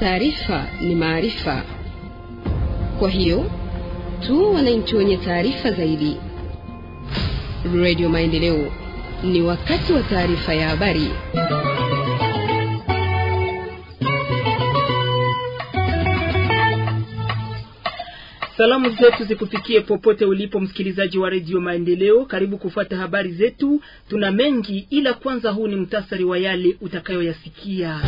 Taarifa ni maarifa, kwa hiyo tu wananchi wenye taarifa zaidi. Radio Maendeleo, ni wakati wa taarifa ya habari. Salamu zetu zikufikie popote ulipo msikilizaji wa redio Maendeleo. Karibu kufuata habari zetu, tuna mengi ila kwanza, huu ni mtasari wa yale utakayoyasikia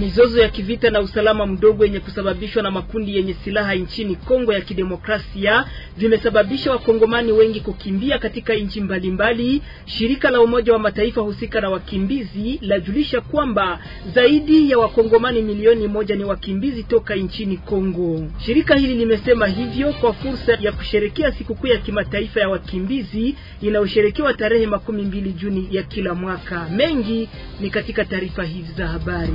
Mizozo ya kivita na usalama mdogo yenye kusababishwa na makundi yenye silaha nchini Kongo ya Kidemokrasia vimesababisha wakongomani wengi kukimbia katika nchi mbalimbali. Shirika la Umoja wa Mataifa husika na wakimbizi lajulisha kwamba zaidi ya wakongomani milioni moja ni wakimbizi toka nchini Kongo. Shirika hili limesema hivyo kwa fursa ya kusherekea sikukuu ya kimataifa ya wakimbizi inayosherekewa tarehe makumi mbili Juni ya kila mwaka. Mengi ni katika taarifa hizi za habari.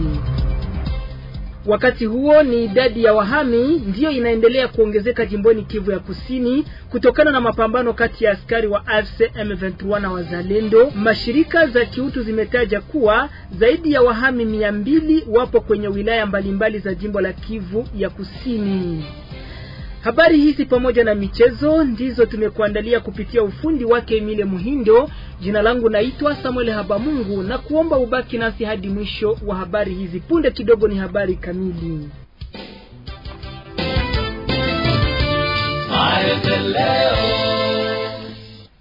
Wakati huo ni idadi ya wahami ndiyo inaendelea kuongezeka jimboni Kivu ya Kusini kutokana na mapambano kati ya askari wa AFC M23 na wazalendo. Mashirika za kiutu zimetaja kuwa zaidi ya wahami mia mbili wapo kwenye wilaya mbalimbali za jimbo la Kivu ya Kusini. Habari hizi pamoja na michezo ndizo tumekuandalia kupitia ufundi wake Emile Muhindo. Jina langu naitwa Samuel Habamungu na kuomba ubaki nasi hadi mwisho wa habari hizi. Punde kidogo ni habari kamili.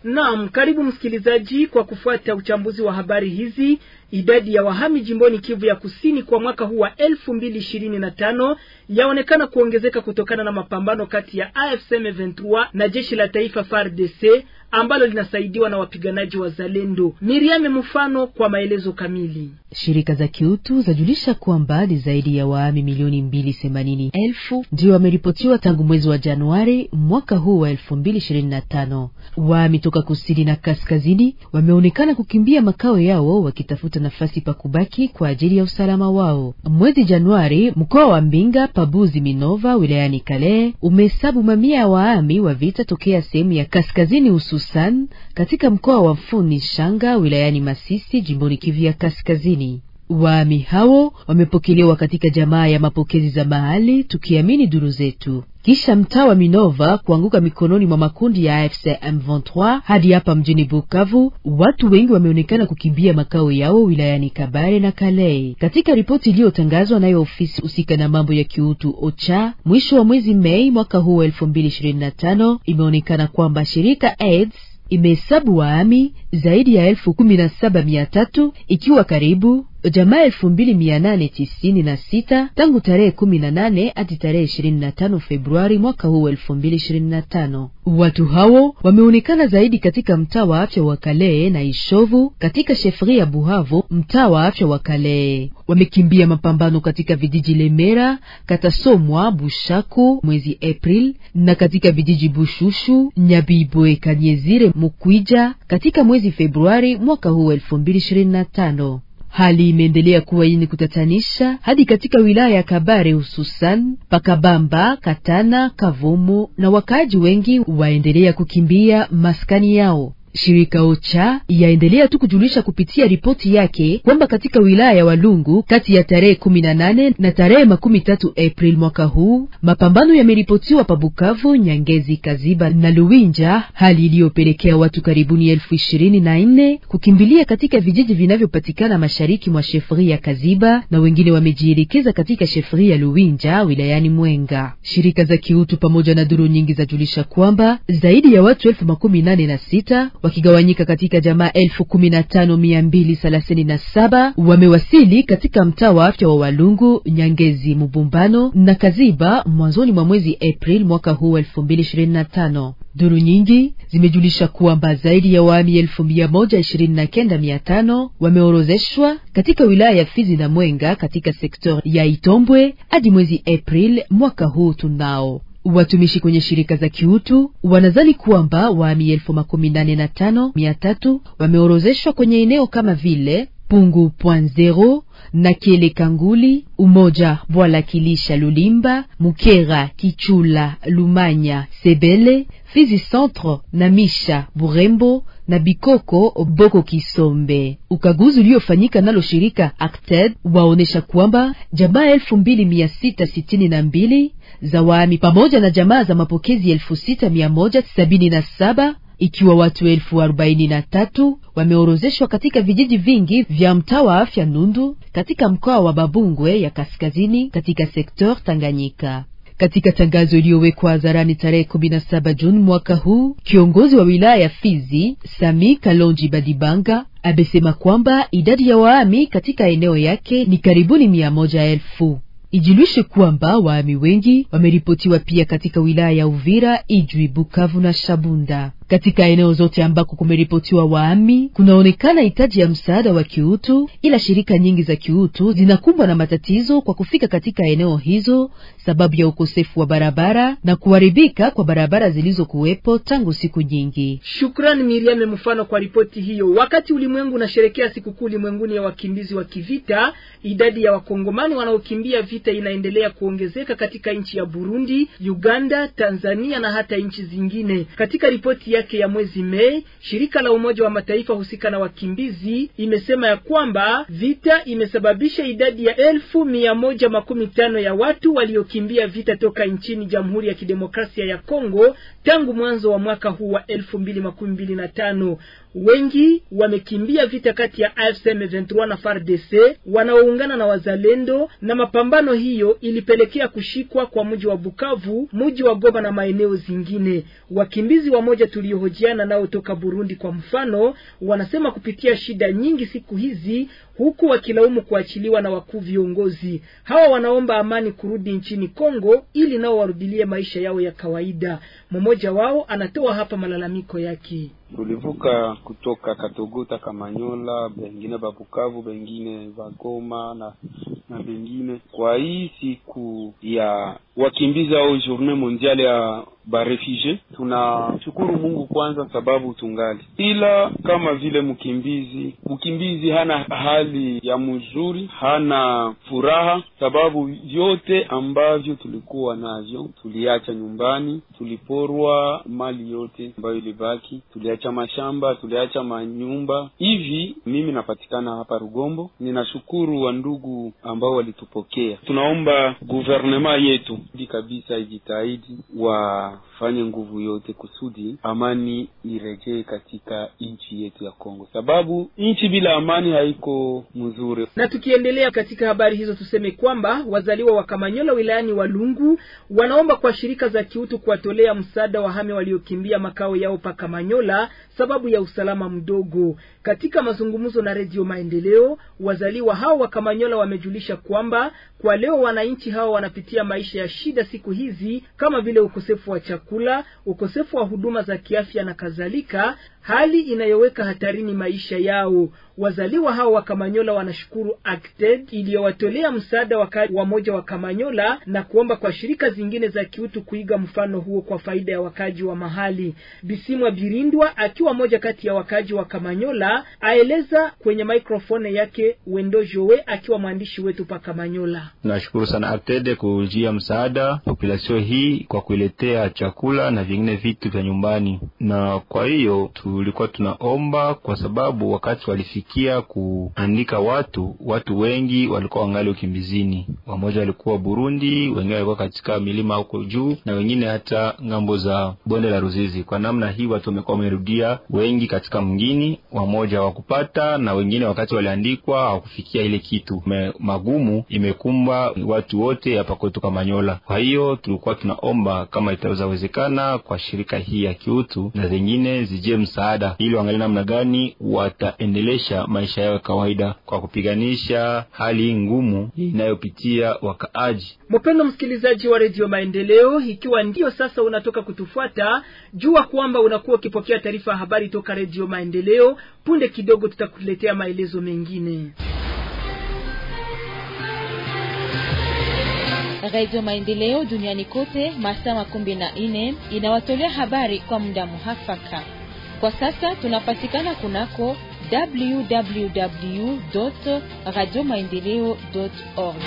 Naam, karibu msikilizaji kwa kufuata uchambuzi wa habari hizi. Idadi ya wahami jimboni Kivu ya Kusini kwa mwaka huu wa 2025 yaonekana kuongezeka kutokana na mapambano kati ya AFC M23 na jeshi la taifa FARDC ambalo linasaidiwa na wapiganaji wa Zalendo. Miriam mfano kwa maelezo kamili. Shirika za kiutu zajulisha kwamba ni zaidi ya waami milioni mbili themanini elfu ndio wameripotiwa tangu mwezi wa Januari mwaka huu wa elfu mbili ishirini na tano. Waami toka kusini na kaskazini wameonekana kukimbia makao yao wakitafuta nafasi pa kubaki kwa ajili ya usalama wao. Mwezi Januari, mkoa wa Mbinga Pabuzi Minova wilayani Kale umehesabu mamia ya waami wa vita tokea sehemu ya kaskazini hususi hususan katika mkoa wa Mfuni Shanga wilayani Masisi jimboni Kivu ya Kaskazini. Waami hao wamepokelewa katika jamaa ya mapokezi za mahali, tukiamini duru zetu kisha mtaa wa Minova kuanguka mikononi mwa makundi ya AFC M23. Hadi hapa mjini Bukavu, watu wengi wameonekana kukimbia makao yao wilayani Kabare na Kalei. Katika ripoti iliyotangazwa nayo ofisi husika na mambo ya kiutu OCHA mwisho wa mwezi Mei mwaka huu 2025 imeonekana kwamba shirika AIDS imehesabu waami zaidi ya elfu kumi na saba mia tatu ikiwa karibu jamaa elfu mbili mia nane tisini na sita tangu tarehe kumi na nane hadi tarehe ishirini na tano Februari mwaka huu elfu mbili ishirini na tano. Watu hao wameonekana zaidi katika mtaa wa afya wa Kalee na Ishovu katika shefri ya Buhavu, mtaa wa afya wa Kalee. Wamekimbia mapambano katika vijiji Lemera, Katasomwa, Bushaku mwezi April na katika vijiji Bushushu, Nyabibwe, Kanyezire, Mukwija katika mwezi Februari mwaka huu elfu mbili ishirini na tano. Hali imeendelea kuwa yenye kutatanisha hadi katika wilaya ya Kabare, hususan Pakabamba, Katana, Kavumu, na wakaaji wengi waendelea kukimbia maskani yao. Shirika OCHA yaendelea tu kujulisha kupitia ripoti yake kwamba katika wilaya ya Walungu kati ya tarehe 18 na tarehe 13 april Aprili mwaka huu mapambano yameripotiwa pa Bukavu, Nyangezi, Kaziba na Luwinja, hali iliyopelekea watu karibuni elfu ishirini na nne kukimbilia katika vijiji vinavyopatikana mashariki mwa shefri ya Kaziba na wengine wamejielekeza katika shefri ya Luwinja wilayani Mwenga. Shirika za kiutu pamoja na duru nyingi zajulisha kwamba zaidi ya watu elfu makumi nane na sita wakigawanyika katika jamaa elfu kumi na tano mia mbili thelathini na saba wamewasili katika mtaa wa afya wa Walungu, Nyangezi, Mubumbano na Kaziba mwanzoni mwa mwezi april mwaka huu elfu mbili ishirini na tano. Duru nyingi zimejulisha kwamba zaidi ya waami elfu mia moja ishirini na kenda mia tano wameorozeshwa katika wilaya ya Fizi na Mwenga katika sekta ya Itombwe hadi mwezi april mwaka huu tunao Watumishi kwenye shirika za kiutu wanadhani kwamba waami elfu makumi nane na tano mia tatu wameorozeshwa kwenye eneo kama vile Pungu Point Zero na Kele Kanguli, Umoja, Bwala, Kilisha, Lulimba, Mukera, Kichula, Lumanya, Sebele, Fizi Centre na Misha, Burembo na Bikoko Boko Kisombe. Ukaguzi uliofanyika nalo shirika Acted waonesha kwamba jamaa elfu mbili mia sita sitini na mbili za waami pamoja na jamaa za mapokezi elfu sita mia moja sabini na saba ikiwa watu elfu arobaini na tatu wameorozeshwa katika vijiji vingi vya mtaa wa afya Nundu katika mkoa wa Babungwe ya kaskazini katika sektor Tanganyika. Katika tangazo iliyowekwa hadharani tarehe 17 Juni mwaka huu, kiongozi wa wilaya ya Fizi Sami Kalonji Badibanga amesema kwamba idadi ya waami katika eneo yake ni karibuni mia moja elfu. Ijulishe kwamba waami wengi wameripotiwa pia katika wilaya ya Uvira, Ijwi, Bukavu na Shabunda. Katika eneo zote ambako kumeripotiwa waami, kunaonekana hitaji ya msaada wa kiutu, ila shirika nyingi za kiutu zinakumbwa na matatizo kwa kufika katika eneo hizo sababu ya ukosefu wa barabara na kuharibika kwa barabara zilizokuwepo tangu siku nyingi. Shukran Miriam mfano kwa ripoti hiyo. Wakati ulimwengu unasherekea sikukuu ulimwenguni ya wakimbizi wa kivita, idadi ya wakongomani wanaokimbia vita inaendelea kuongezeka katika nchi ya Burundi, Uganda, Tanzania na hata nchi zingine. Katika ripoti yake ya mwezi Mei, shirika la Umoja wa Mataifa husika na wakimbizi imesema ya kwamba vita imesababisha idadi ya elfu mia moja makumi tano ya watu waliokimbia vita toka nchini Jamhuri ya Kidemokrasia ya Kongo tangu mwanzo wa mwaka huu wa elfu mbili makumi mbili na tano wengi wamekimbia vita kati ya AFC M23 na FARDC wanaoungana na wazalendo, na mapambano hiyo ilipelekea kushikwa kwa mji wa Bukavu, mji wa Goma na maeneo zingine. Wakimbizi wamoja tuliohojiana nao toka Burundi kwa mfano, wanasema kupitia shida nyingi siku hizi huku wakilaumu kuachiliwa na wakuu viongozi hawa. Wanaomba amani kurudi nchini Kongo ili nao warudilie maisha yao ya kawaida. Mmoja wao anatoa hapa malalamiko yake. Tulivuka kutoka Katogota, Kamanyola, bengine babukavu bengine Bagoma na na bengine. Kwa hii siku ya wakimbizi au journee mondiale ya barefugee. Tunashukuru Mungu kwanza sababu tungali, ila kama vile mkimbizi, mkimbizi hana hali ya mzuri, hana furaha, sababu vyote ambavyo tulikuwa navyo tuliacha nyumbani, tuliporwa mali yote ambayo ilibaki, tuliacha mashamba, tuliacha manyumba. Hivi mimi napatikana hapa Rugombo, ninashukuru wa ndugu ambao walitupokea. Tunaomba guvernema yetu kabisa ijitahidi wa afanye nguvu yote kusudi amani irejee katika nchi yetu ya Kongo, sababu nchi bila amani haiko mzuri. Na tukiendelea katika habari hizo, tuseme kwamba wazaliwa wa Kamanyola wilayani Walungu wanaomba kwa shirika za kiutu kuwatolea msaada wahame waliokimbia makao yao pa Kamanyola sababu ya usalama mdogo. Katika mazungumzo na Redio Maendeleo, wazaliwa hao wa Kamanyola wamejulisha kwamba kwa leo wananchi hao wanapitia maisha ya shida siku hizi kama vile ukosefu wa chakula, ukosefu wa huduma za kiafya na kadhalika, hali inayoweka hatarini maisha yao. Wazaliwa hao wa Kamanyola wanashukuru Acted iliyowatolea msaada wakati wa moja wa Kamanyola na kuomba kwa shirika zingine za kiutu kuiga mfano huo kwa faida ya wakaji wa mahali. Bisimwa Birindwa akiwa moja kati ya wakaji wa Kamanyola aeleza kwenye maikrofone yake Wendo Jowe akiwa mwandishi wetu pa Kamanyola. Nashukuru sana Acted kujia msaada population hii kwa kuiletea chakula na vingine vitu vya nyumbani, na kwa hiyo tulikuwa tunaomba, kwa sababu wakati walifikia kuandika watu, watu wengi walikuwa wangali ukimbizini. Wamoja walikuwa Burundi, wengine walikuwa katika milima huko juu, na wengine hata ngambo za bonde la Ruzizi. Kwa namna hii watu wamekuwa wamerudia wengi katika mgini, wamoja wakupata na wengine wakati waliandikwa hawakufikia ile kitu Me, magumu imekumba watu wote hapa kwetu Kamanyola. Kwa hiyo tulikuwa tunaomba kama itaweza zinawezekana kwa shirika hii ya kiutu na zingine zijie msaada, ili waangalie namna gani wataendelesha maisha yao ya kawaida kwa kupiganisha hali ngumu inayopitia wakaaji. Mpendo msikilizaji wa redio Maendeleo, ikiwa ndio sasa unatoka kutufuata, jua kwamba unakuwa ukipokea taarifa ya habari toka redio Maendeleo. Punde kidogo tutakuletea maelezo mengine. Radio Maendeleo duniani kote masaa makumbi na nne inawatolea habari kwa muda muhafaka. Kwa sasa tunapatikana kunako www radio maendeleo org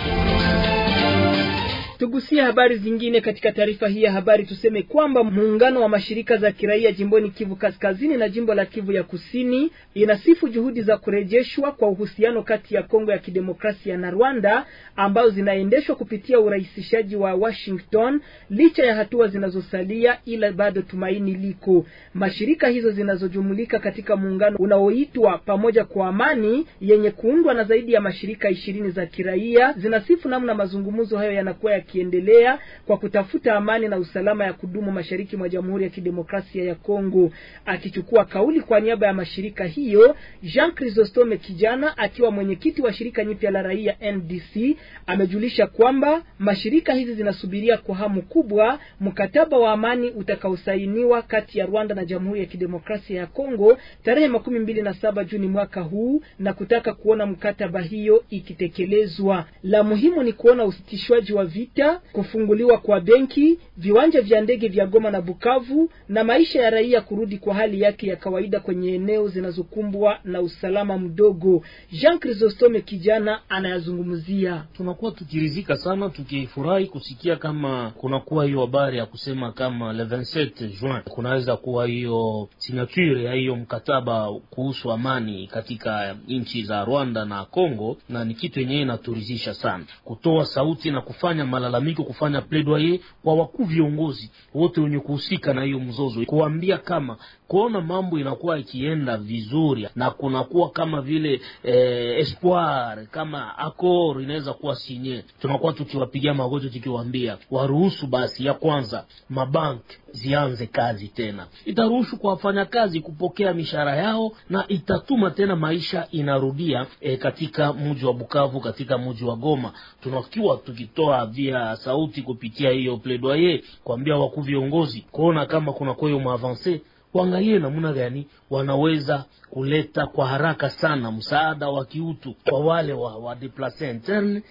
Tugusia habari zingine katika taarifa hii ya habari, tuseme kwamba muungano wa mashirika za kiraia jimboni Kivu Kaskazini na jimbo la Kivu ya Kusini inasifu juhudi za kurejeshwa kwa uhusiano kati ya Kongo ya Kidemokrasia na Rwanda ambazo zinaendeshwa kupitia urahisishaji wa Washington, licha ya hatua zinazosalia, ila bado tumaini liko. Mashirika hizo zinazojumulika katika muungano unaoitwa Pamoja kwa Amani yenye kuundwa na zaidi ya mashirika ishirini za kiraia zinasifu namna mazungumzo hayo yanakuwa ya yakiendelea kwa kutafuta amani na usalama ya kudumu mashariki mwa Jamhuri ya Kidemokrasia ya Kongo. Akichukua kauli kwa niaba ya mashirika hiyo, Jean Chrysostome Kijana akiwa mwenyekiti wa shirika nyipya la raia NDC amejulisha kwamba mashirika hizi zinasubiria kwa hamu kubwa mkataba wa amani utakaosainiwa kati ya Rwanda na Jamhuri ya Kidemokrasia ya Kongo tarehe makumi mbili na saba Juni mwaka huu na kutaka kuona mkataba hiyo ikitekelezwa. La muhimu ni kuona usitishwaji wa vita sekta, kufunguliwa kwa benki, viwanja vya ndege vya Goma na Bukavu na maisha ya raia kurudi kwa hali yake ya kawaida kwenye eneo zinazokumbwa na usalama mdogo. Jean Chrysostome kijana anayazungumzia. Tunakuwa tukirizika sana tukifurahi kusikia kama kunakuwa hiyo habari ya kusema kama le 27 Juin kunaweza kuwa hiyo signature ya hiyo mkataba kuhusu amani katika nchi za Rwanda na Kongo, na ni kitu yenyewe inaturizisha sana kutoa sauti na kufanya mala malalamiko, kufanya plaidoyer kwa wakuu viongozi wote wenye kuhusika na hiyo mzozo, kuambia kama kuona mambo inakuwa ikienda vizuri na kunakuwa kama vile eh, espoir kama accord inaweza kuwa sinye, tunakuwa tukiwapigia magoti tukiwaambia waruhusu basi, ya kwanza mabanki zianze kazi tena, itaruhusu kwa wafanyakazi kupokea mishahara yao na itatuma tena maisha inarudia e, katika mji wa Bukavu, katika mji wa Goma. Tunakiwa tukitoa via sauti kupitia hiyo pledoyer kuambia wakuu viongozi kuona kama kuna kweyo maavanse waangalie namna gani wanaweza kuleta kwa haraka sana msaada wa kiutu kwa wale wa, wa deplace interne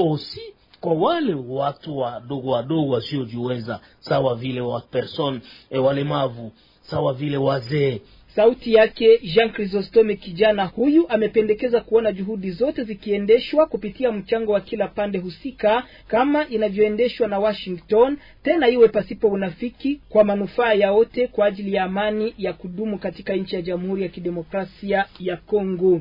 aussi kwa wale watu wadogo wadogo wasiojiweza, sawa vile wa person e, walemavu sawa vile wazee. Sauti yake Jean Chrysostome. Kijana huyu amependekeza kuona juhudi zote zikiendeshwa kupitia mchango wa kila pande husika kama inavyoendeshwa na Washington, tena iwe pasipo unafiki, kwa manufaa ya wote, kwa ajili ya amani ya kudumu katika nchi ya Jamhuri ya Kidemokrasia ya Kongo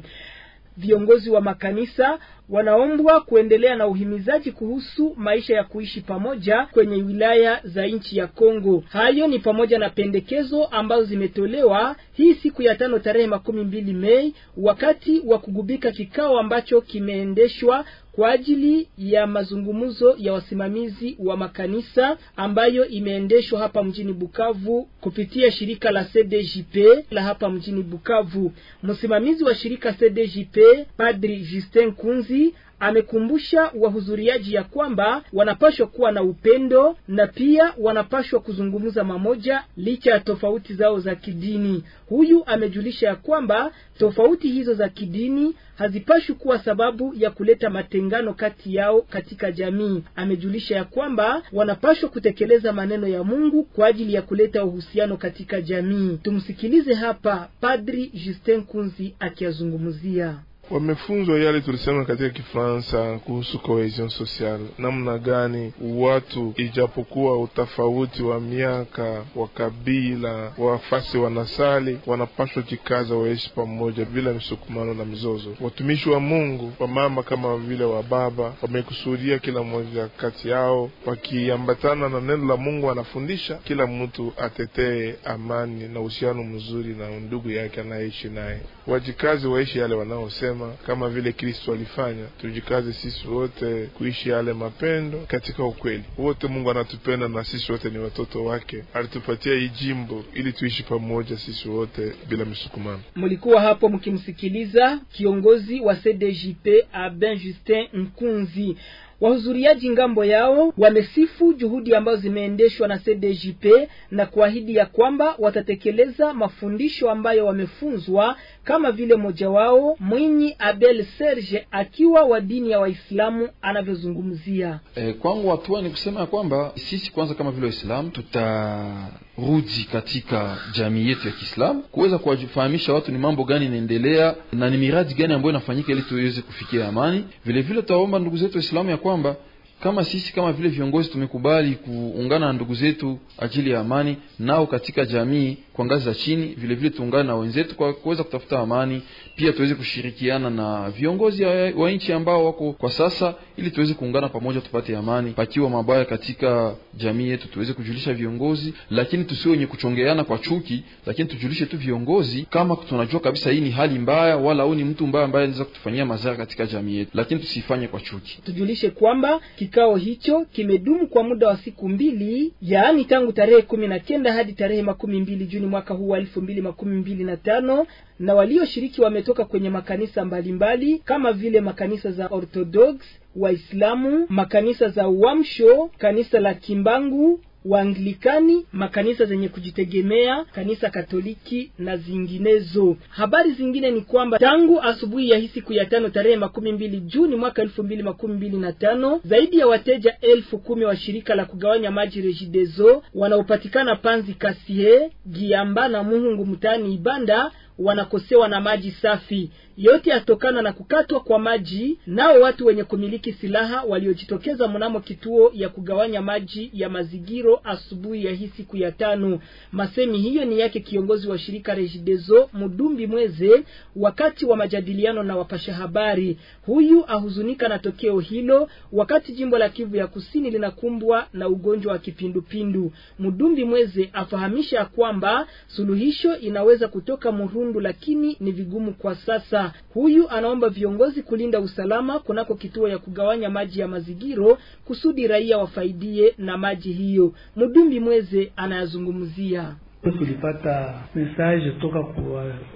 viongozi wa makanisa wanaombwa kuendelea na uhimizaji kuhusu maisha ya kuishi pamoja kwenye wilaya za nchi ya Kongo. Hayo ni pamoja na pendekezo ambazo zimetolewa hii siku ya tano tarehe makumi mbili Mei wakati wa kugubika kikao ambacho kimeendeshwa kwa ajili ya mazungumzo ya wasimamizi wa makanisa ambayo imeendeshwa hapa mjini Bukavu kupitia shirika la CDJP la hapa mjini Bukavu. Msimamizi wa shirika CDJP Padri Justin Kunzi amekumbusha wahudhuriaji ya kwamba wanapashwa kuwa na upendo na pia wanapashwa kuzungumza mamoja licha ya tofauti zao za kidini. Huyu amejulisha ya kwamba tofauti hizo za kidini hazipashwi kuwa sababu ya kuleta matengano kati yao katika jamii. Amejulisha ya kwamba wanapashwa kutekeleza maneno ya Mungu kwa ajili ya kuleta uhusiano katika jamii. Tumsikilize hapa Padri Justin Kunzi akiyazungumzia wamefunzwa yale tulisema katika Kifaransa kuhusu cohesion social, namna gani watu ijapokuwa utofauti wa miaka, wa kabila, wafasi, wanasali wanapaswa jikaza waishi pamoja bila msukumano na mizozo. Watumishi wa Mungu wa mama kama vile wa baba wamekusudia kila mmoja kati yao, wakiambatana na neno la Mungu, anafundisha kila mtu atetee amani na uhusiano mzuri na ndugu yake anayeishi naye, wajikazi waishi yale wanaosema mema kama vile Kristo alifanya. Tujikaze sisi wote kuishi yale mapendo katika ukweli wote. Mungu anatupenda na sisi wote ni watoto wake. Alitupatia hii jimbo ili tuishi pamoja sisi wote bila msukumano. Mlikuwa hapo mkimsikiliza kiongozi wa CDJP Abin Justin Nkunzi. Wahudhuriaji ngambo yao wamesifu juhudi ambazo zimeendeshwa na CDJP na kuahidi ya kwamba watatekeleza mafundisho ambayo wamefunzwa, kama vile mmoja wao Mwinyi Abel Serge akiwa wa dini ya Waislamu anavyozungumzia. E, kwangu hatua ni kusema ya kwamba sisi kwanza kama vile Waislamu tutarudi katika jamii yetu ya Kiislamu kuweza kuwafahamisha watu ni mambo gani inaendelea na ni miradi gani ambayo inafanyika ili tuweze kufikia amani. Vilevile tutaomba ndugu zetu Waislamu kwamba kama sisi kama vile viongozi tumekubali kuungana na ndugu zetu ajili ya amani, nao katika jamii kwa ngazi za chini vile vile tuungane na wenzetu kwa kuweza kutafuta amani, pia tuweze kushirikiana na viongozi wa nchi ambao wako kwa sasa, ili tuweze kuungana pamoja tupate amani. Pakiwa mabaya katika jamii yetu, tuweze kujulisha viongozi, lakini tusiwe wenye kuchongeana kwa chuki, lakini tujulishe tu viongozi kama tunajua kabisa hii ni hali mbaya, wala au ni mtu mbaya ambaye anaweza kutufanyia madhara katika jamii yetu, lakini tusifanye kwa chuki. Tujulishe kwamba kikao hicho kimedumu kwa muda wa siku mbili, yaani tangu tarehe kumi na kenda hadi tarehe makumi mbili Juni ni mwaka huu wa elfu mbili makumi mbili na tano na walioshiriki wametoka kwenye makanisa mbalimbali mbali, kama vile makanisa za Orthodox, Waislamu, makanisa za Uamsho, kanisa la Kimbangu Waanglikani, makanisa zenye kujitegemea, kanisa Katoliki na zinginezo. Habari zingine ni kwamba tangu asubuhi ya hii siku ya tano tarehe makumi mbili Juni mwaka elfu mbili makumi mbili na tano zaidi ya wateja elfu kumi wa shirika la kugawanya maji Regideso wanaopatikana Panzi, Kasihe, Giamba na Muhungu mtaani Ibanda wanakosewa na maji safi yote yatokana na kukatwa kwa maji. Nao watu wenye kumiliki silaha waliojitokeza mnamo kituo ya kugawanya maji ya Mazigiro asubuhi ya hii siku ya tano. Masemi hiyo ni yake kiongozi wa shirika Rejidezo Mudumbi Mweze wakati wa majadiliano na wapasha habari. Huyu ahuzunika na tokeo hilo wakati jimbo la Kivu ya Kusini linakumbwa na ugonjwa wa kipindupindu. Mudumbi Mweze afahamisha kwamba suluhisho inaweza kutoka Murundu, lakini ni vigumu kwa sasa. Huyu anaomba viongozi kulinda usalama kunako kituo ya kugawanya maji ya Mazigiro kusudi raia wafaidie na maji hiyo. mudumbi Mweze anayazungumzia. Tulipata message toka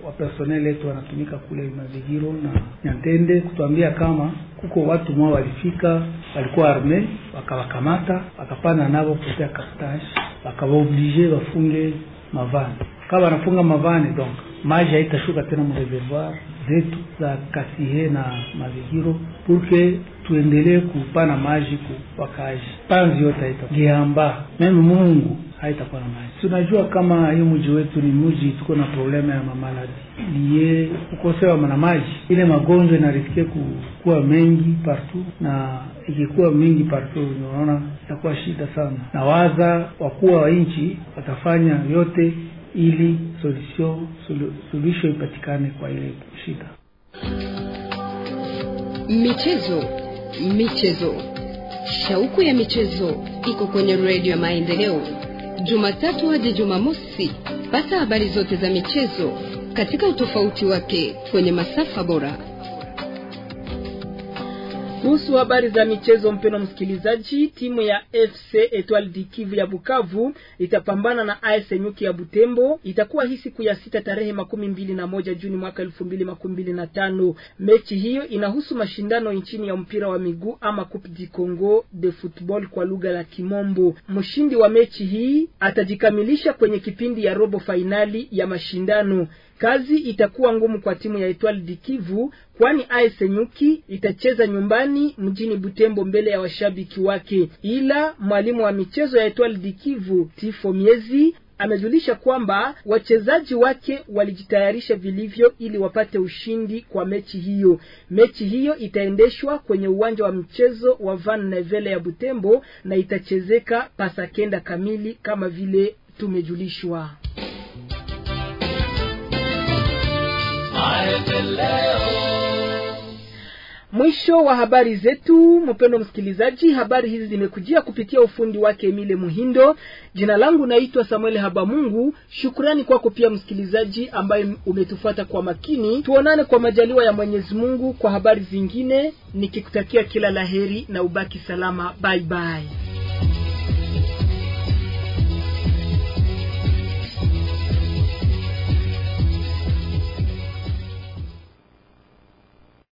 kwa personnel wetu wanatumika kule Mazigiro na Nyantende kutuambia kama kuko watu mwa walifika, walikuwa arme, wakawakamata wakapana navo kutea kastash, wakawaoblige wafunge mavani kama wanafunga mavani donc maji haitashuka tena mu reservoir zetu za Kasihe na Mazigiro purke tuendelee kupana maji ku wakaji Panzi yote haita Gihamba, meme Mungu haitakuwa na maji. Tunajua kama hii mji wetu ni mji tuko na problema ya mamaladi liye kukosewa na maji, ile magonjwa inarisikia kukuwa mengi partu na ikikuwa mengi partu unaona itakuwa shida sana, na waza wakuwa wa nchi watafanya yote ili solution suluhisho ipatikane kwa ile shida. Michezo, michezo, shauku ya michezo iko kwenye redio ya Maendeleo, Jumatatu hadi Jumamosi. Pata habari zote za michezo katika utofauti wake kwenye masafa bora. Kuhusu habari za michezo, mpeno msikilizaji, timu ya FC Etoile du Kivu ya Bukavu itapambana na AS Nyuki ya Butembo. Itakuwa hii siku ya sita tarehe makumi mbili na moja Juni mwaka elfu mbili makumi mbili na tano. Mechi hiyo inahusu mashindano nchini ya mpira wa miguu ama Coupe du Congo de football kwa lugha la Kimombo. Mshindi wa mechi hii atajikamilisha kwenye kipindi ya robo fainali ya mashindano. Kazi itakuwa ngumu kwa timu ya Etoile du Kivu kwani AS Nyuki itacheza nyumbani mjini Butembo mbele ya washabiki wake, ila mwalimu wa michezo ya Etoile du Kivu Tifo Miezi amejulisha kwamba wachezaji wake walijitayarisha vilivyo ili wapate ushindi kwa mechi hiyo. Mechi hiyo itaendeshwa kwenye uwanja wa mchezo wa Van Nevele ya Butembo na itachezeka pasakenda kamili kama vile tumejulishwa. Mwisho wa habari zetu, mpendo msikilizaji. Habari hizi zimekujia kupitia ufundi wake Emile Muhindo. Jina langu naitwa Samuel Habamungu. Shukrani kwako pia msikilizaji ambaye umetufuata kwa makini. Tuonane kwa majaliwa ya Mwenyezi Mungu kwa habari zingine, nikikutakia kila laheri na ubaki salama. Bye bye.